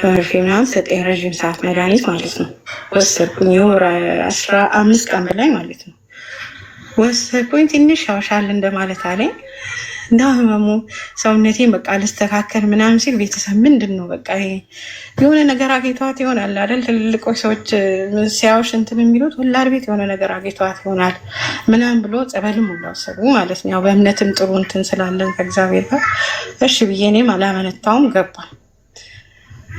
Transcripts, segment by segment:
በመርፌ ምናምን ሰጠኝ ረዥም ሰዓት መድኃኒት ማለት ነው። ወሰድኩኝ የወር አስራ አምስት ቀን በላይ ማለት ነው ወሰድኩኝ። ትንሽ ያውሻል እንደማለት አለኝ እንዳ ህመሙ ሰውነቴን በቃ ልስተካከል ምናምን ሲል ቤተሰብ ምንድን ነው በቃ የሆነ ነገር አጌቷት ይሆናል አይደል? ትልልቆች ሰዎች ሲያዩሽ እንትን የሚሉት ወላድ ቤት የሆነ ነገር አጌቷት ይሆናል ምናምን ብሎ ጸበልም ወሰዱ ማለት ነው። ያው በእምነትም ጥሩ እንትን ስላለን ከእግዚአብሔር ጋር እሺ ብዬ እኔም አላመነታውም ገባ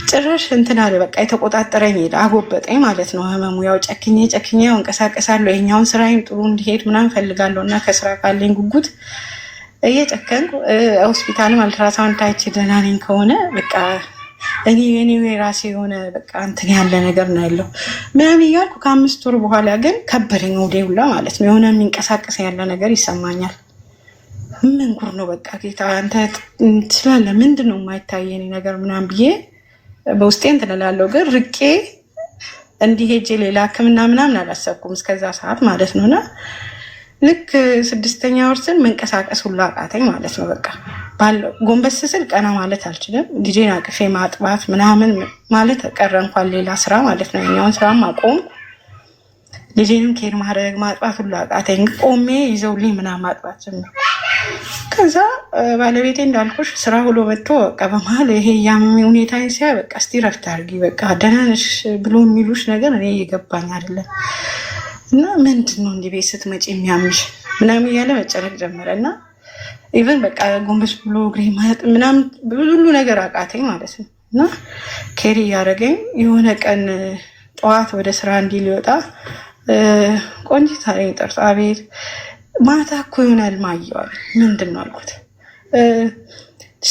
ጭራሽ እንትን አለ በቃ የተቆጣጠረኝ ሄደ አጎበጠኝ ማለት ነው ህመሙ። ያው ጨክኜ ጨክኜ ያው እንቀሳቀሳለሁ ይሄኛውን ስራዬም ጥሩ እንዲሄድ ምናምን ፈልጋለሁ እና ከስራ ካለኝ ጉጉት እየጨከንኩ ሆስፒታልም አልትራሳውንድ ታይቼ ደህና ነኝ ከሆነ በቃ እኔ የኔ የራሴ የሆነ በቃ እንትን ያለ ነገር ነው ያለው ምናምን እያልኩ ከአምስት ወር በኋላ ግን ከበደኝ ወደ ሁላ ማለት ነው የሆነ የሚንቀሳቀስ ያለ ነገር ይሰማኛል። ምን ጉር ነው በቃ ጌታ አንተ ስላለ ምንድን ነው የማይታየኝ ነገር ምናምን ብዬ በውስጤ እንትን እላለሁ፣ ግን ርቄ እንዲህ ሌላ ህክምና ምናምን አላሰብኩም እስከዛ ሰዓት ማለት ነው። እና ልክ ስድስተኛ ወር መንቀሳቀስ ሁሉ አቃተኝ ማለት ነው። በቃ ባለው ጎንበስ ስል ቀና ማለት አልችልም። ልጄን አቅፌ ማጥባት ምናምን ማለት ቀረ። እንኳን ሌላ ስራ ማለት ነው የእኛውን ስራ አቆም ልጄንም ኬር ማድረግ ማጥባት ሁሉ አቃተኝ። ቆሜ ይዘውልኝ ምናምን ማጥባት ጀምር ከዛ ባለቤቴ እንዳልኩሽ ስራ ውሎ መጥቶ በቃ በመሀል ይሄ ያም ሁኔታ ሲያይ በቃ እስቲ ረፍት አድርጊ በቃ ደህና ነሽ ብሎ የሚሉሽ ነገር እኔ እየገባኝ አይደለም እና ምንድን ነው እንዲህ ቤት ስትመጪ የሚያምሽ ምናምን እያለ መጨነቅ ጀመረ እና ኢቨን በቃ ጎንበስ ብሎ እግሬ ማለት ምናምን ሁሉ ነገር አቃተኝ ማለት ነው። እና ኬሪ እያደረገኝ የሆነ ቀን ጠዋት ወደ ስራ እንዲህ ሊወጣ ቆንጂት አለኝ ጠርጣ ቤት? ማታ እኮ ይሆናል ማየዋል ምንድን ነው አልኩት።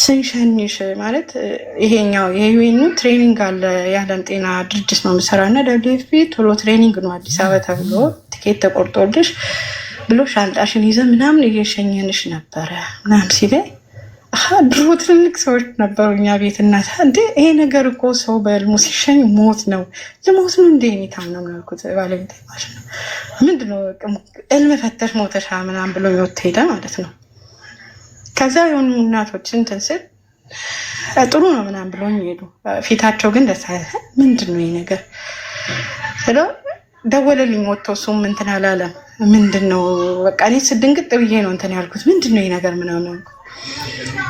ስንሸንሽ ማለት ይሄኛው የዩኑ ትሬኒንግ አለ የዓለም ጤና ድርጅት ነው የምሰራ እና ደብሊው ቶሎ ትሬኒንግ ነው አዲስ አበባ ተብሎ ትኬት ተቆርጦልሽ ብሎ ሻንጣሽን ይዘ ምናምን እየሸኘንሽ ነበረ ምናምን ሲለኝ ድሮ ትልልቅ ሰዎች ነበሩ እኛ ቤት እናት እንደ ይሄ ነገር እኮ ሰው በህልሙ ሲሸኝ ሞት ነው ልሞት ነው እንደ ኔታ ነው ያልኩት ባለቤት ማለት ነው ምንድን ነው ፈተሽ ሞተሻ ምናም ብሎ ይወት ሄደ ማለት ነው ከዛ የሆኑ እናቶች እንትን ስል ጥሩ ነው ምናም ብሎ ሄዱ ፊታቸው ግን ደስ ምንድን ነው ይሄ ነገር ስለ ደወለልኝ ወጥቶ እሱም እንትን አላለም ምንድን ነው በቃ እኔ ስድንግጥ ብዬ ነው እንትን ያልኩት ምንድን ነው ይሄ ነገር ምናምን ያልኩት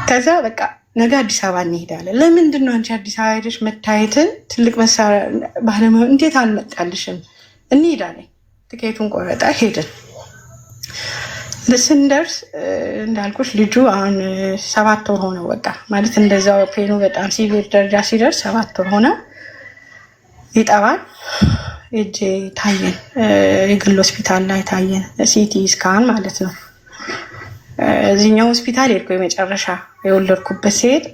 ከዛ በቃ ነገ አዲስ አበባ እንሄዳለን። ለምንድን ነው አንቺ አዲስ አበባ ሄደሽ መታየትን ትልቅ መሳሪያ ባለመሆን እንዴት አንመጣልሽም? እንሄዳለን። ትኬቱን ቆረጣ ሄድን። ስንደርስ እንዳልኩሽ ልጁ አሁን ሰባት ወር ሆነው በቃ ማለት እንደዛው ፔኑ በጣም ሲቪር ደረጃ ሲደርስ ሰባት ወር ሆነው ይጠባል። እጅ ታየን፣ የግል ሆስፒታል ላይ ታየን፣ ሲቲ ስካን ማለት ነው እዚህኛው ሆስፒታል ሄድኩ። የመጨረሻ የወለድኩበት ሲሄድ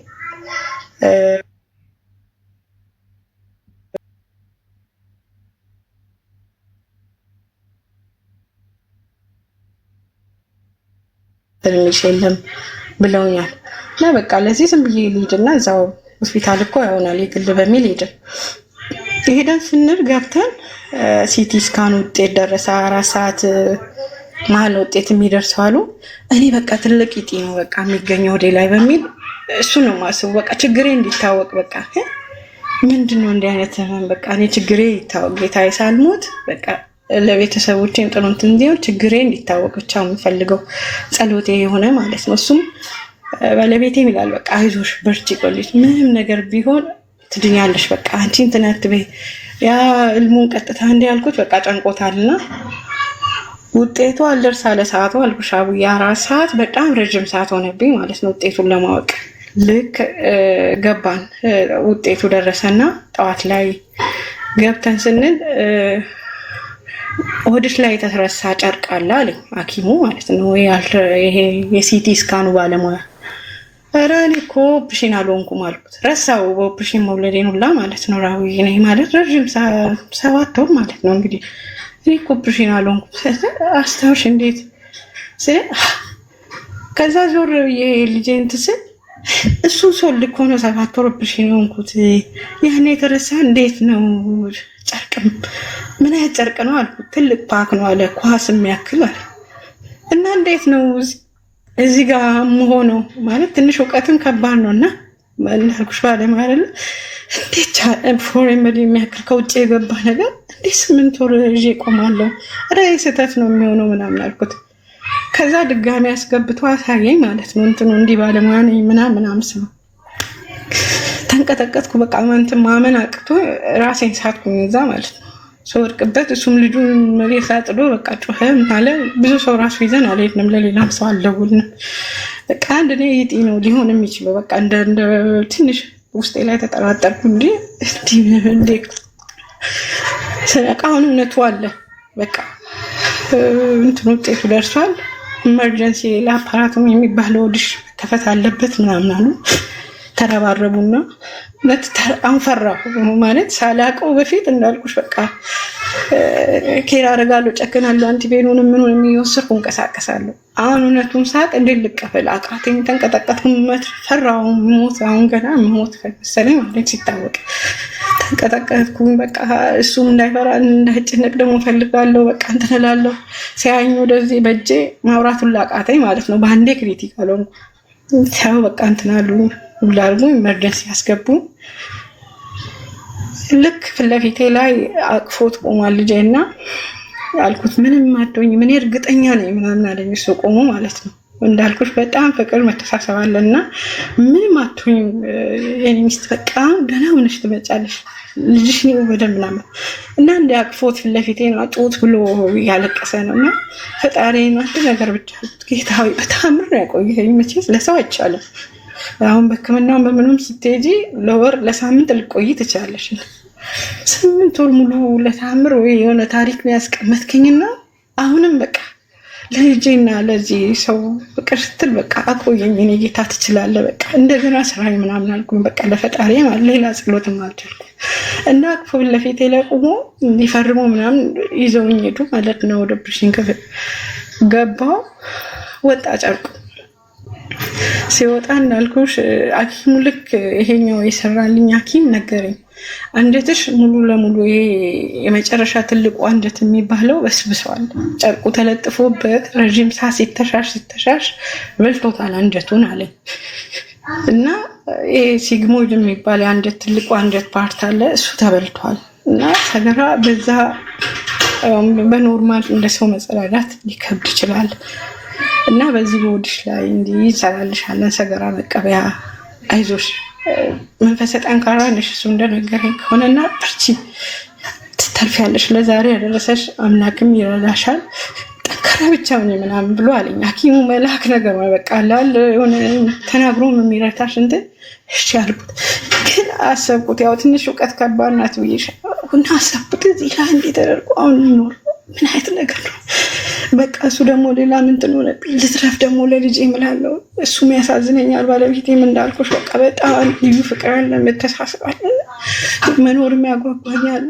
ትንሽ የለም ብለውኛል። እና በቃ ለዚህ ዝም ብዬ ልሂድ ልሂድና እዛው ሆስፒታል እኮ ይሆናል የግል በሚል ሄድን። የሄደን ስንል ገብተን ሲቲ ስካን ውጤት ደረሰ አራት ሰዓት መሀል ውጤት የሚደርሰው አሉ። እኔ በቃ ትልቅ ይጤ ነው በቃ የሚገኘው ወደ ላይ በሚል እሱ ነው ማስቡ። በቃ ችግሬ እንዲታወቅ በቃ ምንድን ነው እንዲህ አይነት ህመም በቃ እኔ ችግሬ ይታወቅ፣ ጌታ ሳልሞት በቃ ለቤተሰቦቼም ጥሩ እንዲሆን ችግሬ እንዲታወቅ ብቻ የምፈልገው ጸሎቴ የሆነ ማለት ነው። እሱም ባለቤቴም ይላል በቃ አይዞሽ፣ በርቺ፣ ቆልጅ ምንም ነገር ቢሆን ትድኛለሽ። በቃ አንቺ እንትን አትበይ። ያ እልሙን ቀጥታ እንዲህ ያልኩት በቃ ጨንቆታልና ውጤቱ አልደርስ አለ ሰዓቱ አልብሻ ቡያ አራት ሰዓት በጣም ረጅም ሰዓት ሆነብኝ ማለት ነው ውጤቱን ለማወቅ። ልክ ገባን ውጤቱ ደረሰና ጠዋት ላይ ገብተን ስንል ሆድሽ ላይ የተረሳ ጨርቅ አለ አለኝ ሐኪሙ ማለት ነው። ይሄ የሲቲ ስካኑ ባለሙያ ኧረ እኔ እኮ ኦፕሽን አልሆንኩም አልኩት። ረሳው በኦፕሽን መውለዴን ሁላ ማለት ነው። ራዊ ማለት ረዥም ሰባት ወር ማለት ነው እንግዲህ እኔ እኮ ኦፕሬሽን አልሆንኩም አስታውሽ እንዴት ስለ ከዛ ዞር ብዬ ልጄ እንትን ስል እሱ ሶልክ ሆኖ ሰባት ወር ኦፕሬሽን የሆንኩት ያኔ የተረሳ እንዴት ነው ጨርቅም ምን አይነት ጨርቅ ነው አልኩ። ትልቅ ፓክ ነው አለ ኳስ የሚያክል አለ እና እንዴት ነው እዚህ ጋር መሆነው ማለት ትንሽ እውቀትም ከባድ ነው እና እንዳልኩሽ ባለማለት እንዴት ፎሬን በዲ የሚያክል ከውጭ የገባ ነገር እንዴት ስምንት ወር ይዤ ቆማለሁ? ኧረ ስህተት ነው የሚሆነው ምናምን አልኩት። ከዛ ድጋሚ አስገብቶ አሳየኝ ማለት ነው። እንትኑ እንዲህ ባለሙያ ነኝ ምናምን ምናምን ስለው ተንቀጠቀጥኩ። በቃ እንትን ማመን አቅቶ ራሴን ሳትኩኝ እዛ ማለት ነው። ስወድቅበት እሱም ልጁን መሬት አጥሎ በቃ ጮኸ አለ። ብዙ ሰው ራሱ ይዘን አልሄድንም፣ ለሌላም ሰው አልደውልንም። በቃ አንድ ይጢ ነው ሊሆን የሚችለው በቃ እንደ ትንሽ ውስጤ ላይ ተጠራጠርኩ። እንዲ እንዲ ስለቃ አሁን እውነቱ አለ። በቃ እንትን ውጤቱ ደርሷል። ኢመርጀንሲ ሌላ አፓራቱም የሚባለው ወድሽ መከፈት አለበት ምናምን አሉ። ተረባረቡና እውነት አንፈራ ማለት ሳላቀው በፊት እንዳልኩሽ በቃ ኬር አደርጋለሁ፣ ጨክናለሁ፣ አንቲቤኑን ምኑን የሚወስድኩ እንቀሳቀሳለሁ። አሁን እውነቱን ሳቅ እንዴት ልቀበል አቃተኝ፣ ተንቀጠቀጥኩ፣ ፈራሁ፣ ሞት አሁን ገና ሞት መሰለኝ ማለት ሲታወቅ ተንቀጠቀጥኩኝ። በቃ እሱም እንዳይፈራ እንዳይጨነቅ ደግሞ ፈልጋለሁ። በቃ እንትን እላለሁ። ሲያኝ ወደዚህ በእጄ ማብራቱን ላቃተኝ ማለት ነው። በአንዴ ክሪቲካል ሆንኩ። በቃ እንትን አሉኝ ሁላ አድርጎ ኢመርጀንሲ ያስገቡ ልክ ፍለፊቴ ላይ አቅፎት ቆሟል ልጄ እና አልኩት ምንም አዶኝ ምን እርግጠኛ ነኝ ምናምን አለኝ። እሱ ቆሞ ማለት ነው እንዳልኩሽ በጣም ፍቅር መተሳሰብ አለ እና ምንም አቶኝ የኔ ሚስት በቃ ደህና ሆነሽ ትመጫለሽ ልጅሽ ኒው በደንብ ምናምን እና እንደ አቅፎት ፊት ለፊቴ ነው ጡት ብሎ እያለቀሰ ነው እና ፈጣሪ አንድ ነገር ብቻ ጌታ በጣም በተአምር ነው ያቆየኝ። መቼስ ለሰው አይቻልም። አሁን በሕክምናውን በምንም ስትሄጂ ለወር ለሳምንት ልቆይ ትችላለሽ። ስምንት ወር ሙሉ ለታምር ወይ የሆነ ታሪክ ነው ያስቀመጥከኝና አሁንም በቃ ለልጄና ለዚህ ሰው ፍቅር ስትል በቃ አቆየኝ። እኔ ጌታ ትችላለህ። በቃ እንደገና ስራ ምናምን አልኩኝ። በቃ ለፈጣሪ ማለት ሌላ ጸሎትም አልቻልኩም እና አቅፎ ለፊቴ ላይ ቁሞ ሊፈርሞ ምናምን ይዘውኝ ሄዱ ማለት ነው። ወደ ብርሽን ክፍል ገባው ወጣ ጨርቁ ሲወጣ እንዳልኩሽ ሐኪሙ ልክ ይሄኛው የሰራልኝ ሐኪም ነገረኝ። አንጀትሽ ሙሉ ለሙሉ ይሄ የመጨረሻ ትልቁ አንጀት የሚባለው በስብሷል። ጨርቁ ተለጥፎበት ረዥም ሳ ሲተሻሽ ሲተሻሽ በልቶታል አንጀቱን አለኝ እና ይሄ ሲግሞይድ የሚባል የአንጀት ትልቁ አንጀት ፓርት አለ እሱ ተበልቷል እና ሰገራ በዛ በኖርማል እንደ ሰው መጸዳዳት ሊከብድ ይችላል። እና በዚህ በሆድሽ ላይ እንዲህ ይሰራልሻለን ሰገራ መቀበያ አይዞሽ መንፈሰ ጠንካራ ነሽ እሱ እንደነገረኝ ከሆነ እና ብርቺ ትተርፊያለሽ ለዛሬ ያደረሰሽ አምላክም ይረዳሻል ጠንካራ ብቻ ሆኜ ምናምን ብሎ አለኝ ሀኪሙ መልአክ ነገር በቃላል የሆነ ተናግሮ የሚረታሽ እንትን እሺ አልኩት ግን አሰብኩት ያው ትንሽ እውቀት ከባድ ናት ብዬሽ እና አሰብኩት እዚህ ላይ እንዲህ ተደርጎ አሁን የሚኖር ምን አይነት ነገር ነው በቃ እሱ ደግሞ ሌላ ምንትን ሆነብኝ። ልትረፍ ደግሞ ለልጅ ምላለው። እሱም ያሳዝነኛል። ባለቤቴም እንዳልኩሽ በቃ በጣም ልዩ ፍቅር አለን፣ መተሳሰባል፣ መኖርም ያጓጓኛል።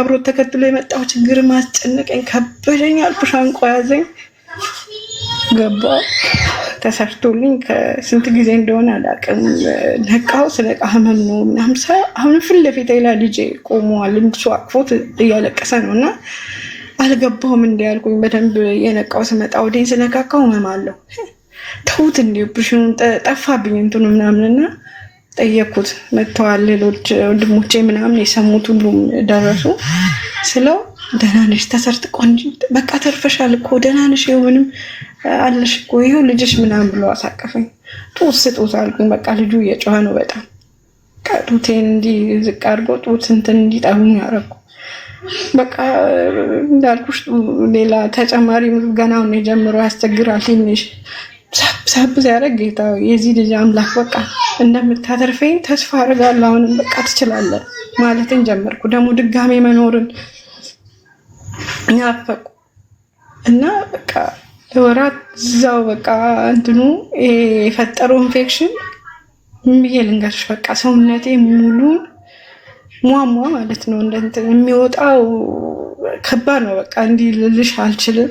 አብሮ ተከትሎ የመጣው ችግር ማስጨነቀኝ ከበደኛል። አልኩሽ አንቆ ያዘኝ። ገባሁ ተሰርቶልኝ ከስንት ጊዜ እንደሆነ አላውቅም። ነቃው ስነቃ ህመም ነው ምናምን። አሁን ፊት ለፊት ሌላ ልጅ ቆመዋል። እሱ አቅፎት እያለቀሰ ነው እና አልገባሁም እንዳያልኩኝ በደንብ የነቃው ስመጣ ወደኝ ስነካካው መማለሁ ተውት እንዲ ኦፕሬሽኑን ጠፋብኝ እንትኑ ምናምንና ጠየቅኩት። መጥተዋል ሌሎች ወንድሞቼ ምናምን የሰሙት ሁሉም ደረሱ ስለው ደህና ነሽ ተሰርጥ ቆንጆ በቃ ተርፈሻል እኮ ደህና ነሽ ይኸው አለሽ እኮ ይኸው ልጅሽ ምናምን ብሎ አሳቀፈኝ። ጡት ስጡት አልኩኝ። በቃ ልጁ እየጮኸ ነው በጣም ጡቴን እንዲህ ዝቅ አድርጎ ጡት እንትን እንዲጠቡኝ አደረኩ። በቃ እንዳልኩሽ ሌላ ተጨማሪ ምግብ ገናውን የጀምሮ ያስቸግራል። ትንሽ ሳብ ሲያደርግ ጌታ የዚህ ልጅ አምላክ በቃ እንደምታተርፈኝ ተስፋ አድርጋለሁ። አሁንም በቃ ትችላለን ማለትን ጀመርኩ። ደግሞ ድጋሜ መኖርን ያፈቁ እና በቃ ለወራት እዛው በቃ እንትኑ የፈጠረው ኢንፌክሽን ብዬ ልንገርሽ በቃ ሰውነቴ ሙሉን ሟሟ ማለት ነው የሚወጣው ከባድ ነው። በቃ እንዲህ ልልሽ አልችልም።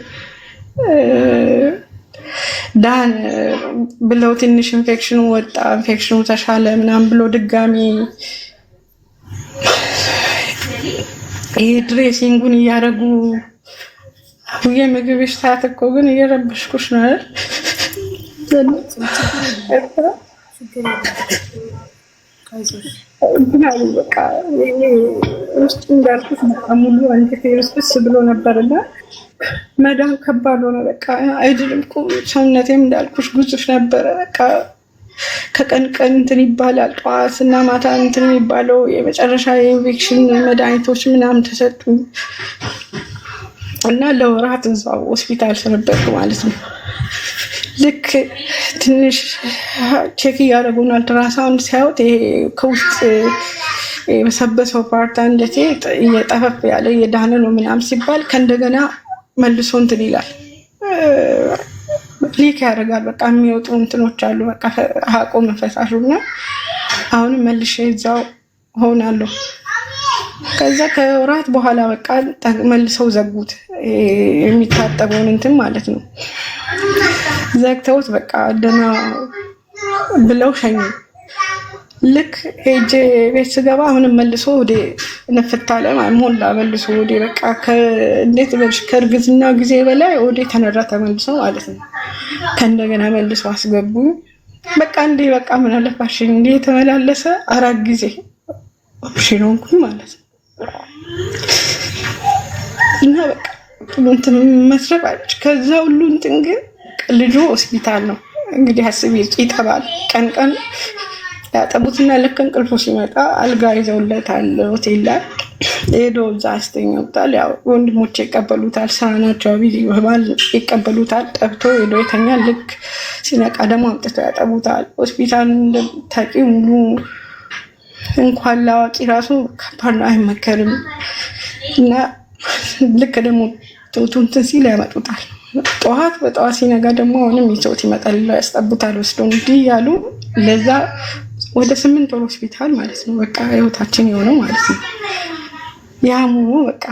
ዳን ብለው ትንሽ ኢንፌክሽኑ ወጣ፣ ኢንፌክሽኑ ተሻለ ምናምን ብሎ ድጋሚ ድሬሲንጉን እያደረጉ ምግብሽ ታያት እኮ ግን እየረበሽኩሽ ነው አይደል? ብናሉ በቃ ውስጥ እንዳልኩት በቃ ሙሉ አንገቴ ውስብስ ብሎ ነበርና መዳን ከባድ ሆነ። በቃ አይድልም። ሰውነቴም እንዳልኩሽ ግዙፍ ነበረ። በቃ ከቀን ቀን እንትን ይባላል። ጠዋት እና ማታ እንትን የሚባለው የመጨረሻ የኢንፌክሽን መድኃኒቶች ምናምን ተሰጡ እና ለወራት እዛው ሆስፒታል ስነበርኩ ማለት ነው። ልክ ትንሽ ቼክ እያደረጉናል አልትራሳውንድ ሲያዩት ይሄ ከውስጥ የመሰበሰው ፓርት አንጀቴ እየጠፈፍ ያለ እየዳነ ነው ምናምን ሲባል ከእንደገና መልሶ እንትን ይላል ሊክ ያደርጋል። በቃ የሚወጡ እንትኖች አሉ። በቃ ሀቆ መፈሳሹ እና አሁንም መልሼ እዛው ሆናለሁ። ከዛ ከወራት በኋላ በቃ መልሰው ዘጉት የሚታጠበውን እንትን ማለት ነው። ዘግተውት በቃ ደህና ብለው ሸኙ። ልክ ሄጄ ቤት ስገባ አሁንም መልሶ ወደ ነፍታለ ሞላ መልሶ ወደ በቃ እንዴት በልሽ ከእርግዝና ጊዜ በላይ ወደ ተነራ ተመልሶ ማለት ነው። ከእንደገና መልሶ አስገቡ። በቃ እንዴ በቃ ምን አለፋሽኝ እንዴ የተመላለሰ አራት ጊዜ ኦፕሽን ሆንኩኝ ማለት ነው። እና በቃ እንትን መስረቅ ከዛ ሁሉ እንትን ግን ልጁ ሆስፒታል ነው እንግዲህ አስቢ፣ ይጠባል ቀን ቀን ያጠቡትና ልክ እንቅልፎ ሲመጣ አልጋ ይዘውለታል ሆቴል ላይ ሄዶ እዛ አስተኛውታል። ያው ወንድሞች ይቀበሉታል፣ ሳናቸው ናቸው። በባል ይቀበሉታል። ጠብቶ ሄዶ የተኛ ልክ ሲነቃ ደግሞ አምጥቶ ያጠቡታል። ሆስፒታል እንደታቂ ሙሉ እንኳን ለአዋቂ ራሱ ከባድ ነው፣ አይመከርም። እና ልክ ደግሞ ቶቱንትን ሲል ያመጡታል ጠዋት በጠዋት ሲነጋ ደግሞ አሁንም ይዘውት ይመጣል፣ ያስጠብታል ወስዶ እንዲህ ያሉ ለዛ ወደ ስምንት ወር ሆስፒታል ማለት ነው። በቃ ህይወታችን የሆነው ማለት ነው። ያሙ በቃ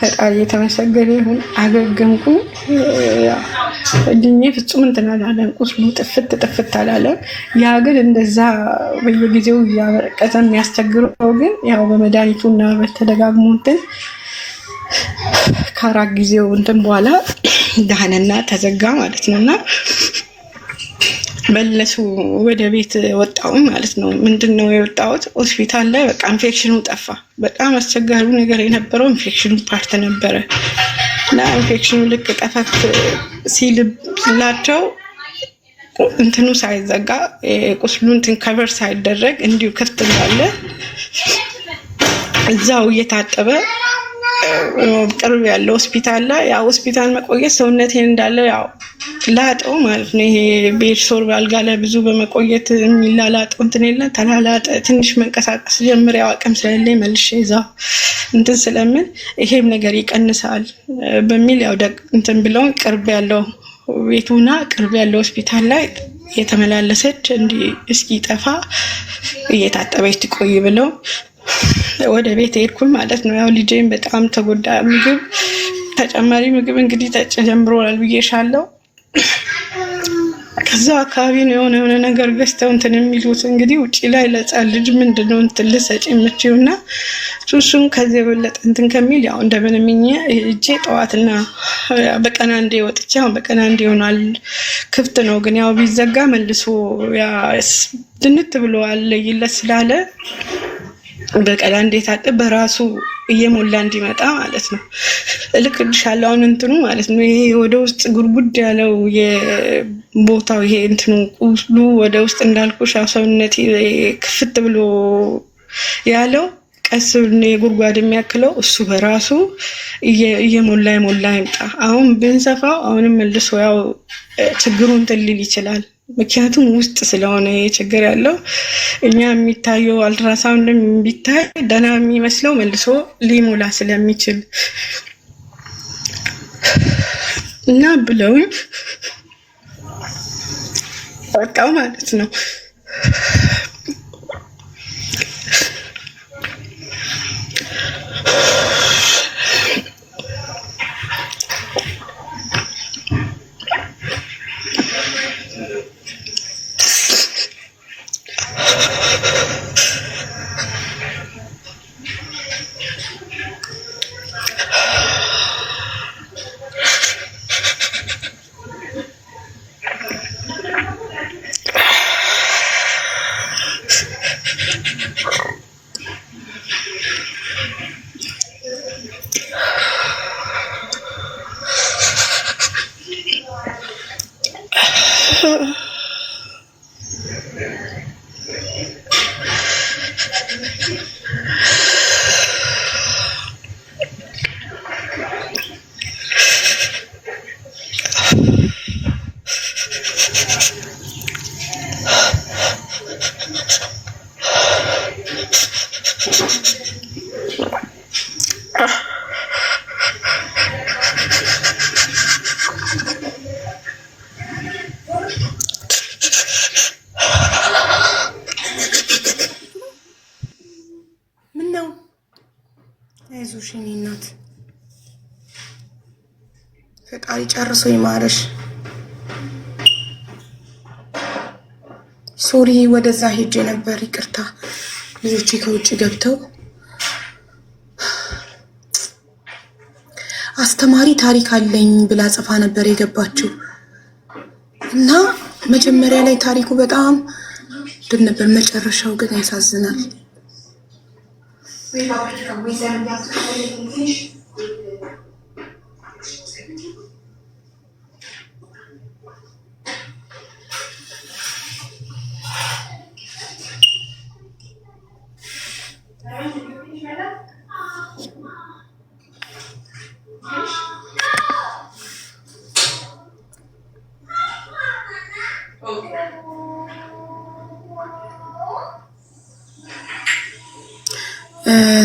ፈጣሪ የተመሰገነ ይሁን። አገገምኩ እድኜ ፍጹም እንትን አላለም። ቁስሉ ጥፍት ጥፍት አላለም። ያ ግን እንደዛ በየጊዜው እያበረቀዘ የሚያስቸግረው ግን ያው በመድኃኒቱና በተደጋግሞ እንትን ከአራት ጊዜው እንትን በኋላ ዳህንና ተዘጋ ማለት ነው። እና መለሱ ወደ ቤት ወጣሁኝ ማለት ነው። ምንድን ነው የወጣሁት ሆስፒታል ላይ በቃ ኢንፌክሽኑ ጠፋ። በጣም አስቸጋሪ ነገር የነበረው ኢንፌክሽኑ ፓርት ነበረ እና ኢንፌክሽኑ ልክ ጠፈት ሲልላቸው እንትኑ ሳይዘጋ ቁስሉ እንትን ከቨር ሳይደረግ እንዲሁ ክፍት እንዳለ እዛው እየታጠበ ቅርብ ያለ ሆስፒታል ላይ ያው ሆስፒታል መቆየት ሰውነቴን እንዳለ ያው ላጠው ማለት ነው። ይሄ ቤድ ሶር አልጋ ላይ ብዙ በመቆየት የሚላላጠው እንትን የለ ተላላጠ። ትንሽ መንቀሳቀስ ጀምር፣ ያው አቅም ስለሌለኝ መልሼ እዛው እንትን ስለምን ይሄም ነገር ይቀንሳል በሚል ያው እንትን ብለውን ቅርብ ያለው ቤቱና ቅርብ ያለው ሆስፒታል ላይ የተመላለሰች እንዲህ እስኪጠፋ እየታጠበች ትቆይ ብለው ወደ ቤት ሄድኩኝ ማለት ነው። ያው ልጄን በጣም ተጎዳ። ምግብ ተጨማሪ ምግብ እንግዲህ ተጨምሮላል ብዬሻለው። ከዛ አካባቢ ነው የሆነ የሆነ ነገር ገዝተው እንትን የሚሉት እንግዲህ ውጭ ላይ ለጻ ልጅ ምንድን ነው እንትን ልሰጭ የምችው እና ሱሱም ከዚህ የበለጠ እንትን ከሚል ያው እንደምንም እጄ ጠዋትና በቀን አንዴ ወጥቼ አሁን በቀን አንዴ ይሆናል ክፍት ነው። ግን ያው ቢዘጋ መልሶ ድንት ብለዋል ለይለት ስላለ በቀላ እንዴት አለ በራሱ እየሞላ እንዲመጣ ማለት ነው። እልክልሻለሁ አሁን እንትኑ ማለት ነው። ይሄ ወደ ውስጥ ጉድጉድ ያለው የቦታው ይሄ እንትኑ ቁስሉ ወደ ውስጥ እንዳልኩሽ ሰውነት ክፍት ብሎ ያለው ቀስ የጉድጓድ የሚያክለው እሱ በራሱ እየሞላ የሞላ ይምጣ። አሁን ብንሰፋው አሁንም መልሶ ያው ችግሩን ትልል ይችላል ምክንያቱም ውስጥ ስለሆነ ይሄ ችግር ያለው እኛ የሚታየው አልትራሳውንድ ቢታይ ደህና የሚመስለው መልሶ ሊሙላ ስለሚችል እና ብለውኝ በቃው ማለት ነው። ፈጣሪ ጨርሶ ይማረሽ። ሶሪ ወደዛ ሄጄ ነበር። ይቅርታ ልጆቼ ከውጭ ገብተው አስተማሪ ታሪክ አለኝ ብላ ጽፋ ነበር የገባችው እና መጀመሪያ ላይ ታሪኩ በጣም ድል ነበር። መጨረሻው ግን ያሳዝናል።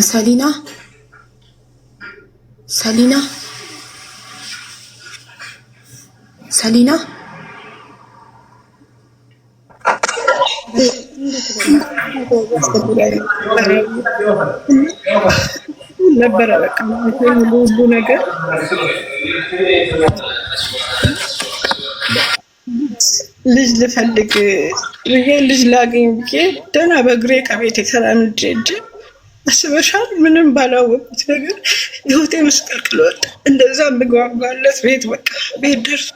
ሰሊና ሰሊና ሰሊና ነበረ በቃ ሁሉ ነገር ልጅ ልፈልግ ብዬ ልጅ ላገኝ ብዬ ደህና በእግሬ ከቤት የተራምጄ አስበሻል? ምንም ባላወቁት ነገር የሆቴ ምስቅልቅል ወጣ። እንደዛ የምጓጓለት ቤት በቃ ቤት ደርሶ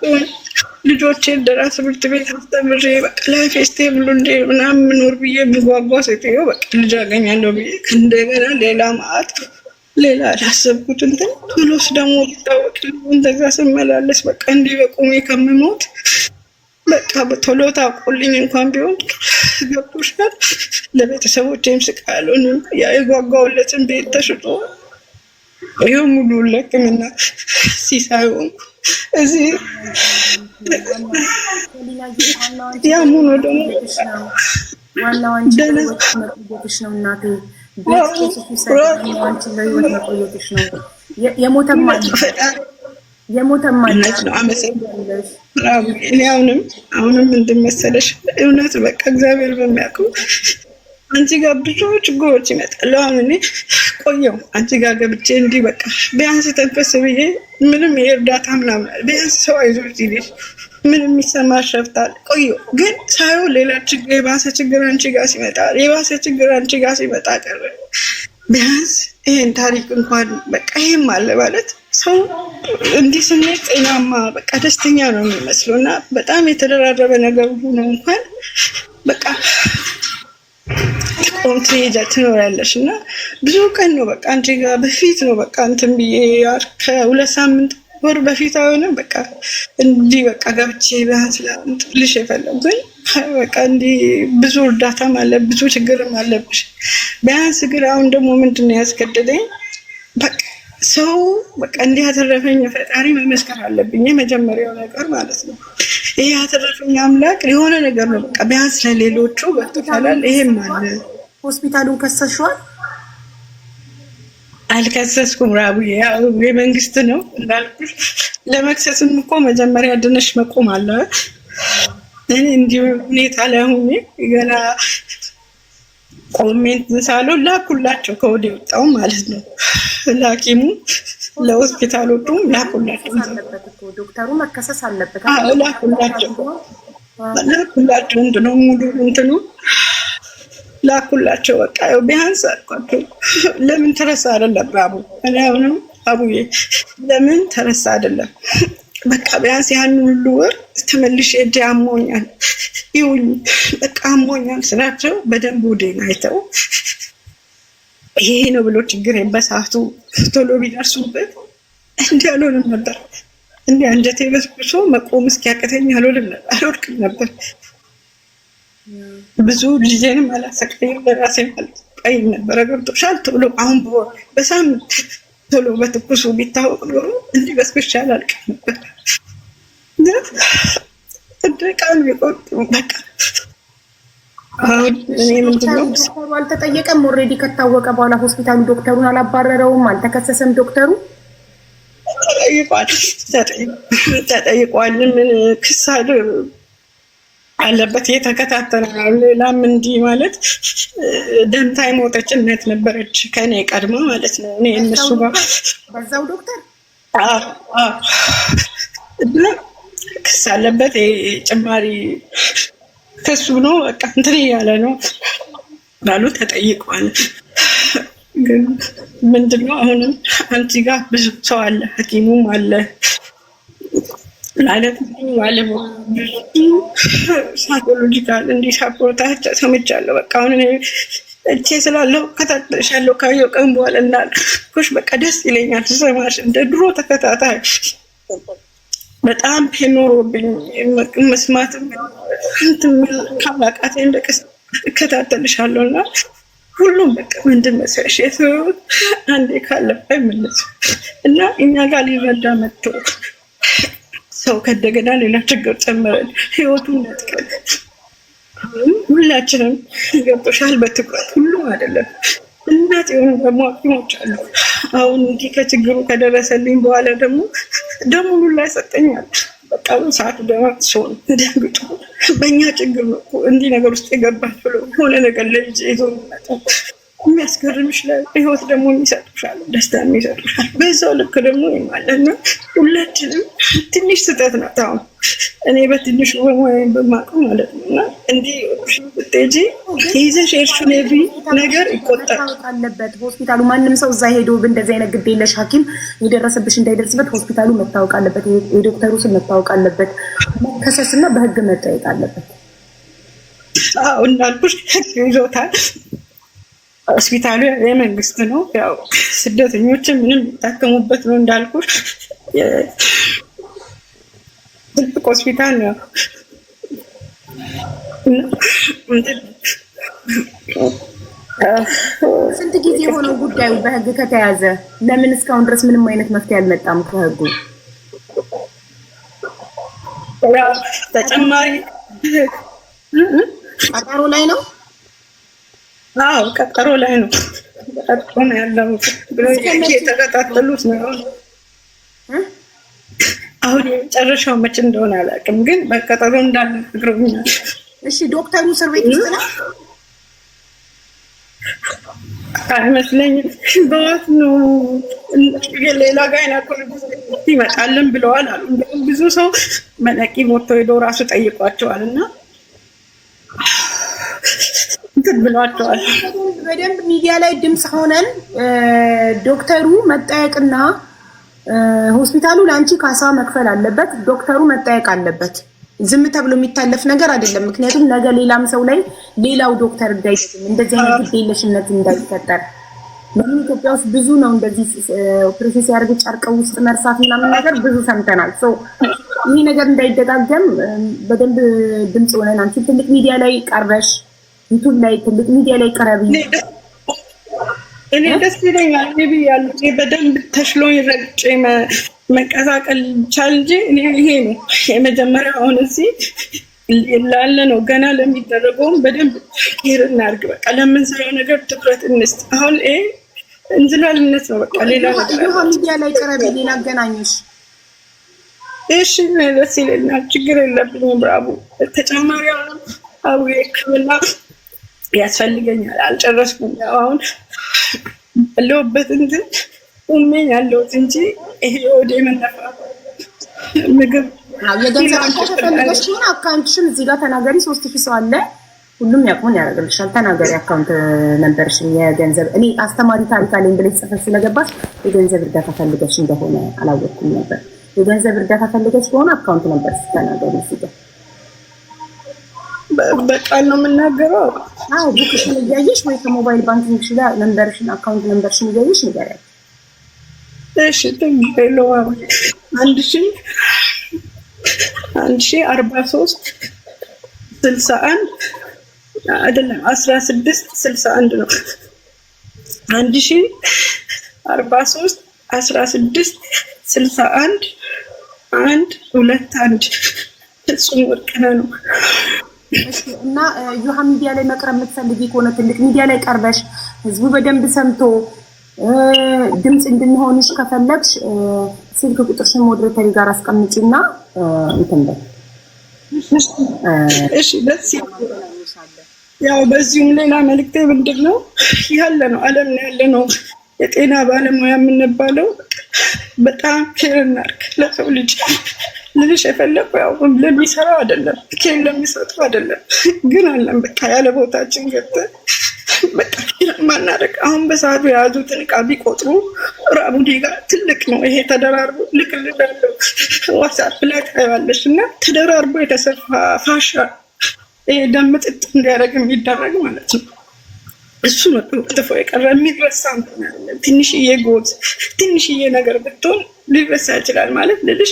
ልጆቼ ደራ ትምህርት ቤት አስተምሬ በቃ ላይፍ ስቴብል እንደ ምናምን ምኖር ብዬ የምጓጓ ሴትዮ በቃ ልጅ አገኛለሁ ብዬ እንደገና ሌላ ማአት ሌላ አላሰብኩት እንትን ደግሞ ሊታወቅ እንተዛ ስመላለስ በቃ እንዲህ በቁሜ ከምሞት በቃ ቶሎ ታውቁልኝ እንኳን ቢሆን ገብቶሻል። ለቤተሰቦቼም ስቃሉን የጓጓውለትን ቤት ተሽጦ ይህ ሙሉ ለሕክምና ሲሳይሆን እዚህ ያም ሆኖ ደግሞ ዋናዋንሽ ነው እናቴ የሞተማ የሞተማ ነው። እኔ አሁንም አሁንም እንድመሰለሽ እውነት በቃ እግዚአብሔር በሚያውቀው አንቺ ጋር ብዙ ችግሮች ይመጣሉ። አሁን እኔ ቆየው አንቺ ጋር ገብቼ እንዲህ በቃ ቢያንስ ተንፈስ ብዬ ምንም የእርዳታ ምናምን ቢያንስ ሰው አይዞች ይልሽ ምንም የሚሰማ ሸፍታል። ቆየው ግን ሳየው ሌላ ችግር የባሰ ችግር አንቺ ጋር ሲመጣ የባሰ ችግር አንቺ ጋር ሲመጣ ቀረ። ቢያንስ ይሄን ታሪክ እንኳን በቃ ይሄም አለ ማለት ሰው እንዲህ ጤናማ በቃ ደስተኛ ነው የሚመስለው እና በጣም የተደራረበ ነገር ሆነ እንኳን በቃ ቆም ትሄጃ ትኖራለሽ እና ብዙ ቀን ነው በቃ አንቺ በፊት ነው በቃ እንትን ብዬ ከሁለት ሳምንት ወር በፊት አይሆንም በቃ እንዲህ በቃ ገብቼ ቢያንስ ልሽ የፈለጉ ግን በቃ እንዲህ ብዙ እርዳታም አለ ብዙ ችግርም አለብሽ። ቢያንስ ግን አሁን ደግሞ ምንድን ነው ያስገደደኝ በቃ ሰው በቃ እንዲህ ያተረፈኝ ፈጣሪ መመስከር አለብኝ። የመጀመሪያው ነገር ማለት ነው። ይሄ ያተረፈኝ አምላክ የሆነ ነገር ነው። በቃ ቢያንስ ለሌሎቹ በትካላል። ይሄም አለ። ሆስፒታሉን ከሰሽዋል? አልከሰስኩም። ራቡ የመንግስት ነው እንዳልኩሽ። ለመክሰስም እኮ መጀመሪያ ድነሽ መቆም አለ። እኔ እንዲሁ ሁኔታ ላይ ሆኜ ገና ኮሜንት ሳለው ላኩላቸው ከወደ የወጣው ማለት ነው። ለሐኪሙ ለሆስፒታሎቹ ላኩላቸው፣ ዶክተሩ መከሰስ አለበት ላኩላቸው፣ ላኩላቸው እንትኑ ሙሉ እንትኑ ላኩላቸው። በቃ ቢያንስ አልኳቸው ለምን ተረሳ አይደለም አቡ እኔ አሁንም አቡዬ ለምን ተረሳ አይደለም በቃ ቢያንስ ያን ሁሉ ወር ተመልሽ እጄ አሞኛል ይሁኝ በቃ አሞኛል ስላቸው በደንብ ውዴን አይተው ይሄ ነው ብሎ ችግር በሰዓቱ ቶሎ ቢደርሱበት እንዲ አልሆንም ነበር። እንዲ አንጀቴ በስብሶ መቆም እስኪያቅተኝ አልሆንም አልወድቅም ነበር። ብዙ ጊዜንም አላሰቃይም፣ በራሴ አልጠይም ነበረ። ገብቶሻል? ቶሎ አሁን በወር በሳምንት ቶሎ በትኩሱ ቢታወቅ ኖሮ እንዲህ በስብሻ አላልቅም ነበር። እንደ ቃል ቢቆጥም በቃ ዶክተሩ አልተጠየቀም። ኦልሬዲ ከታወቀ በኋላ ሆስፒታሉ ዶክተሩን አላባረረውም፣ አልተከሰሰም። ዶክተሩ ተጠይቋል፣ ተጠይቋል። ምን ክስ አለ አለበት የተከታተለ ነው። ሌላም እንዲህ ማለት ደንታ የሞተች እናት ነበረች ከኔ ቀድሞ ማለት ነው። እኔ እነሱ ጋር በዛው ዶክተር ክስ አለበት። ጭማሪ ክሱ ነው። በቃ እንትን እያለ ነው ባሉ ተጠይቋል። ግን ምንድነው አሁንም አንቺ ጋር ብዙ ሰው አለ፣ ሐኪሙም አለ ማለት ማለት ሳይኮሎጂካል እንዲህ ሳፖርታቻ ሰምቻለሁ። በቃ አሁን እቼ ስላለው ከታተሻለሁ ካየሁ ቀን በኋላ እንዳልኩሽ በቃ ደስ ይለኛል ስሰማሽ እንደ ድሮ ተከታታይ በጣም ፔኖሮብኝ መስማት መስማትም ካላቃቴ እንደቀስ እከታተልሻለሁ እና ሁሉም በቃ ምንድን መስለሽ የሰውት አንዴ ካለባ ይመለሱ እና እኛ ጋር ሊረዳ መጥቶ ሰው ከደገና ሌላ ችግር ጨምረን ህይወቱን ነጥቀን ሁላችንም ገብቶሻል። በትኩረት ሁሉም አይደለም። እናት የሆኑ ደግሞ አቅሞች አሉ። አሁን እንዲህ ከችግሩ ከደረሰልኝ በኋላ ደግሞ ደሙሉ ላይ ሰጠኛል። በቃ ሰዓቱ ደማት ሲሆን ተደንግጦ በእኛ ችግር ነው እንዲህ ነገር ውስጥ የገባት ብሎ ሆነ ነገር ለልጅ ይዞ ይመጣል። የሚያስገርምሽ ለህይወት ደግሞ የሚሰጡሻል፣ ደስታ የሚሰጡሻል። በዛው ልክ ደግሞ ማለት ነው ሁላችንም ትንሽ ስጠት ናት። አሁን እኔ በትንሹ በሞያን በማውቅ ማለት ነው እና እንዲህ ብትሄጂ ይዘሽ የሄድሽውን የቢ ነገር ይቆጠራል አለበት ሆስፒታሉ። ማንም ሰው እዛ ሄዶ እንደዚህ አይነት ግድ የለሽ ሐኪም የደረሰብሽ እንዳይደርስበት ሆስፒታሉ መታወቅ አለበት። የዶክተሩ ስም መታወቅ አለበት። መከሰስና በህግ መጠየቅ አለበት። አዎ ህግ ይዞታል ሆስፒታሉ የመንግስት ነው። ያው ስደተኞችን ምንም ታከሙበት ነው እንዳልኩ ትልቅ ሆስፒታል ነው። ስንት ጊዜ የሆነው ጉዳዩ በህግ ከተያዘ? ለምን እስካሁን ድረስ ምንም አይነት መፍትሄ አልመጣም? ከህጉ ተጨማሪ ቀጠሮ ላይ ነው አዎ ቀጠሮ ላይ ነው። ቀጠሮ ነው ያለው ብሎ የተቀጣጠሉት ነው። አሁን የመጨረሻው መቼ እንደሆነ አላውቅም፣ ግን በቀጠሮ እንዳለ ነግሮኛል። እሺ ዶክተሩ እስር ቤት ውስጥ ነው አይመስለኝም። በዋት ነው ሌላ ጋይና ይመጣልን ብለዋል አሉ። እንደውም ብዙ ሰው መነቂ ሞቶ ሄዶ ራሱ ጠይቋቸዋል እና እንትን ብሏቸዋል። በደንብ ሚዲያ ላይ ድምፅ ሆነን ዶክተሩ መጠየቅና ሆስፒታሉ ለአንቺ ካሳ መክፈል አለበት። ዶክተሩ መጠየቅ አለበት። ዝም ተብሎ የሚታለፍ ነገር አይደለም። ምክንያቱም ነገ ሌላም ሰው ላይ ሌላው ዶክተር እንዳይሽም እንደዚህ አይነት ግዴለሽነት እንዳይፈጠር በምን ኢትዮጵያ ውስጥ ብዙ ነው እንደዚህ ኦፕሬሽን ሲያደርጉ ጨርቀው ውስጥ መርሳት ምናምን ነገር ብዙ ሰምተናል። ይህ ነገር እንዳይደጋገም በደንብ ድምፅ ሆነን አንቺ ትልቅ ሚዲያ ላይ ቀርበሽ ዩቱብ ላይ ትልቅ ሚዲያ ላይ ቀረብ እኔ ደስ ይለኛል። ቢ ያሉት በደንብ ተሽሎኝ ረጭ መቀሳቀል ቻል እንጂ እኔ ይሄ ነው የመጀመሪያ። አሁን እዚህ ላለ ነው ገና ለሚደረገውም በደንብ ሄር እናርግ። በቃ ለምንሰራው ነገር ትኩረት እንስጥ። አሁን ይሄ እንዝላልነት ነው። በቃ ሌላ ሚዲያ ላይ ቀረብ፣ ሌላ አገናኘሽ። እሺ ደስ ይለኛል። ችግር የለብኝም። ብራቡ ተጨማሪ አሁን አቡ ህክምና ያስፈልገኛል። አልጨረስኩም። አሁን ያለሁበት እንትን ቁሜን ያለሁት እንጂ ይሄ ወደ መነፋ ምግብ የገንዘብ ተፈልገሽ እዚህ ጋር ተናገሪ። ሶስት ሺ ሰው አለ። ሁሉም ያቁሙን ያደርግልሻል። ተናገሪ አካውንት ነበርሽን የገንዘብ እኔ አስተማሪ ታሪክ አለኝ ብለሽ ጽፈሽ ስለገባሽ የገንዘብ እርዳታ ፈልገሽ እንደሆነ አላወቅኩም ነበር። የገንዘብ እርዳታ ፈልገሽ ከሆነ አካውንት ነበር ስተናገሪ። እዚህ ጋር በቃል ነው የምናገረው። አዎ ቡክሽን እያየሽ ወይ ከሞባይል ባንኪንግ ጋር ነምበርሽን አካውንት ነምበርሽን እያየሽ ንገሪያት። እሺ ሄሎ አንድ ሺ አንድ ሺ አርባ ሶስት ስልሳ አንድ አይደለም አስራ ስድስት ስልሳ አንድ ነው። አንድ ሺ አርባ ሶስት አስራ ስድስት ስልሳ አንድ አንድ ሁለት አንድ እሱም ወርቅነህ ነው። እና ዩሃ ሚዲያ ላይ መቅረብ የምትፈልጊ ከሆነ ትልቅ ሚዲያ ላይ ቀርበሽ ህዝቡ በደንብ ሰምቶ ድምፅ እንድንሆንሽ ከፈለግሽ ስልክ ቁጥርሽን ሞዴሬተሪ ጋር አስቀምጪ እና እንትን በል ያው በዚሁም ሌላ መልክቴ ምንድን ነው ያለ ነው አለም ነው ያለ ነው የጤና ባለሙያ የምንባለው በጣም ፌር እናድርግ ለሰው ልጅ ልልሽ የፈለኩ ያው ለሚሰራው አይደለም ኬም ለሚሰጡ አይደለም ግን አለም በቃ ያለ ቦታችን ገብተ በቃ ማናደርግ አሁን በሰዓቱ የያዙትን እቃ ቢቆጥሩ ራቡዲ ጋር ትልቅ ነው ይሄ ተደራርቦ ልክልዳለው ዋትሳፕ ላይ ታየዋለሽ እና ተደራርቦ የተሰፋ ፋሻ ይሄ ደምጥጥ እንዲያደርግ የሚደረግ ማለት ነው። እሱ ነው ጥፎ የቀረ የሚረሳ እንትን አለ። ትንሽዬ ጎዝ ትንሽዬ ነገር ብትሆን ሊረሳ ይችላል ማለት ልልሽ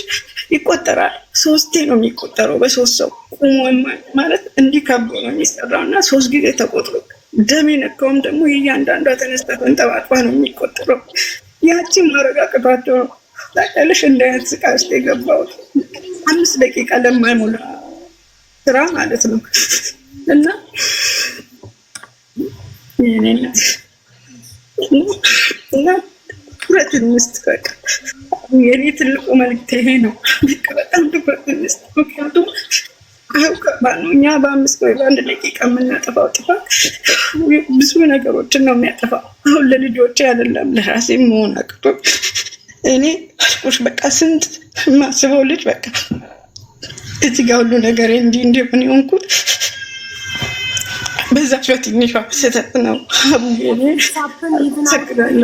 ይቆጠራል። ሶስቴ ነው የሚቆጠረው በሶስት ሰው ቁሞ ማለት እንዲህ ነው የሚሰራው እና ሶስት ጊዜ ተቆጥሮ ደም የነካውም ደግሞ የእያንዳንዷ ተነስታ ተንጠባጥባ ነው የሚቆጠረው። ያቺ ማረጋ ቅቷቸው ነው ታውቂያለሽ። እንደ ስቃ ውስጥ የገባሁት አምስት ደቂቃ ለማይሞላ ስራ ማለት ነው እና እና ትኩረት እንስጥ። በቃ የኔ ትልቁ መልዕክት ይሄ ነው። በቃ በጣም ትኩረት እንስጥ። ምክንያቱም አሁ ከባድ ነው። እኛ በአምስት ወይ በአንድ ደቂቃ የምናጠፋው ጥፋት ብዙ ነገሮችን ነው የሚያጠፋው። አሁን ለልጆቼ አይደለም ለራሴ መሆን አቅቶ እኔ አልኩሽ በቃ ስንት የማስበው ልጅ በቃ እዚህ ሁሉ ነገር እንዲህ እንዲሆን የሆንኩት በዛች በትንሿ ስህተት ነው።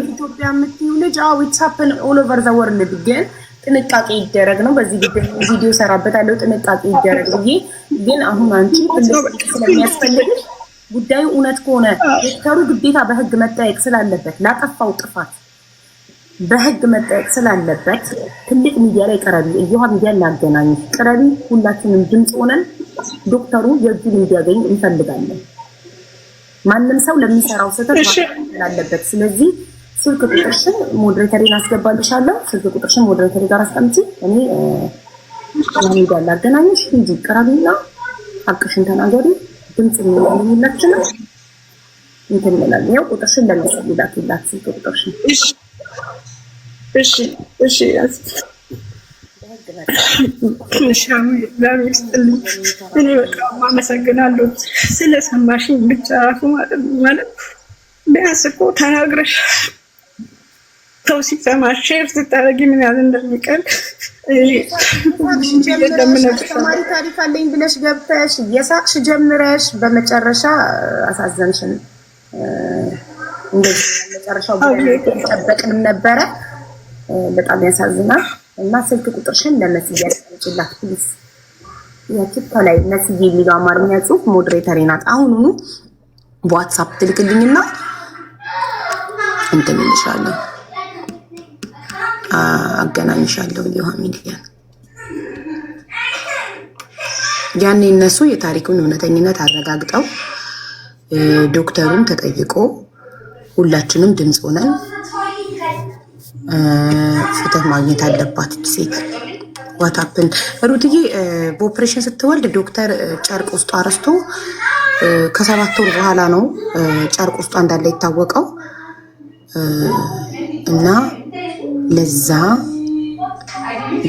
ኢትዮጵያ የምትይው ልጅ ዊትሳፕን ኦል ኦቨር ዘ ወርልድ ግን ጥንቃቄ ይደረግ ነው። በዚህ ጉዳይ ቪዲዮ ሰራበታለሁ። ጥንቃቄ ይደረግ ብዬ ግን አሁን አንቺ ስለሚያስፈልግሽ ጉዳዩ እውነት ከሆነ ዶክተሩ ግዴታ በህግ መጠየቅ ስላለበት ላጠፋው ጥፋት በህግ መጠየቅ ስላለበት ትልቅ ሚዲያ ላይ ቅረቢ፣ እየዋ ሚዲያ ላገናኝ ቅረቢ። ሁላችንም ድምፅ ሆነን ዶክተሩ የእጁን እንዲያገኝ እንፈልጋለን። ማንም ሰው ለሚሰራው ስህተት አለበት። ስለዚህ ስልክ ቁጥርሽን ሞዴሬተሪን አስገባልሻለሁ። ስልክ ቁጥርሽን ሞዴሬተሪ ጋር አስቀምጪ። እኔ ሄዳ ላገናኘሽ እንጂ ቅረቢና አቅሽን ተናገሪ። ድምፅ የሚሆንላችን እንትን እንላለን። ያው ቁጥርሽን ለመሰሉላት ላት ስልክ ቁጥርሽን እሺ፣ እሺ፣ እሺ እኔ በጣም አመሰግናለሁ ስለሰማሽኝ። ብቻ ራሱ ማለት ቢያንስ እኮ ተናግረሽ ሰው ሲሰማሽ ሼር ስታደርጊ ምን ያህል እንደሚቀል ተማሪ ታሪክ አለኝ ብለሽ ገብተሽ የሳቅሽ ጀምረሽ በመጨረሻ አሳዘንሽን። እንደዚህ መጨረሻው ጠበቅንም ነበረ። በጣም ያሳዝናል። እና ስልክ ቁጥርሽን ለመስዬ ያስቀምጪላት ፕሊዝ። የቲፕ ላይ መስዬ የሚለው አማርኛ ጽሁፍ ሞዴሬተር ናት። አሁኑኑ ዋትሳፕ ትልክልኝና እንትን እንልሻለን፣ አገናኝሻለሁ። ሊሆን ሚዲያ ያኔ እነሱ የታሪኩን እውነተኝነት አረጋግጠው ዶክተሩን ተጠይቆ ሁላችንም ድምፅ ሆነን ፍትህ ማግኘት አለባት ሴት። ዋታፕን ሩትዬ በኦፕሬሽን ስትወልድ ዶክተር ጨርቅ ውስጧ አረስቶ ከሰባት ወር በኋላ ነው ጨርቅ ውስጧ እንዳለ ይታወቀው እና ለዛ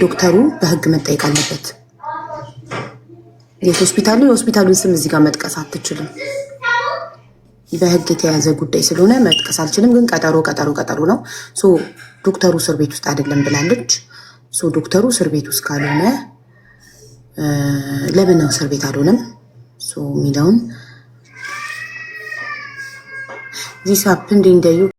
ዶክተሩ በህግ መጠየቅ አለበት። የት ሆስፒታሉ የሆስፒታሉን ስም እዚህ ጋር መጥቀስ አትችልም። በህግ የተያዘ ጉዳይ ስለሆነ መጥቀስ አልችልም። ግን ቀጠሮ ቀጠሮ ቀጠሮ ነው። ዶክተሩ እስር ቤት ውስጥ አይደለም ብላለች። ዶክተሩ እስር ቤት ውስጥ ካልሆነ ለምን እስር ቤት አልሆነም የሚለውን ዚስ ሀፕንድ እንደዩ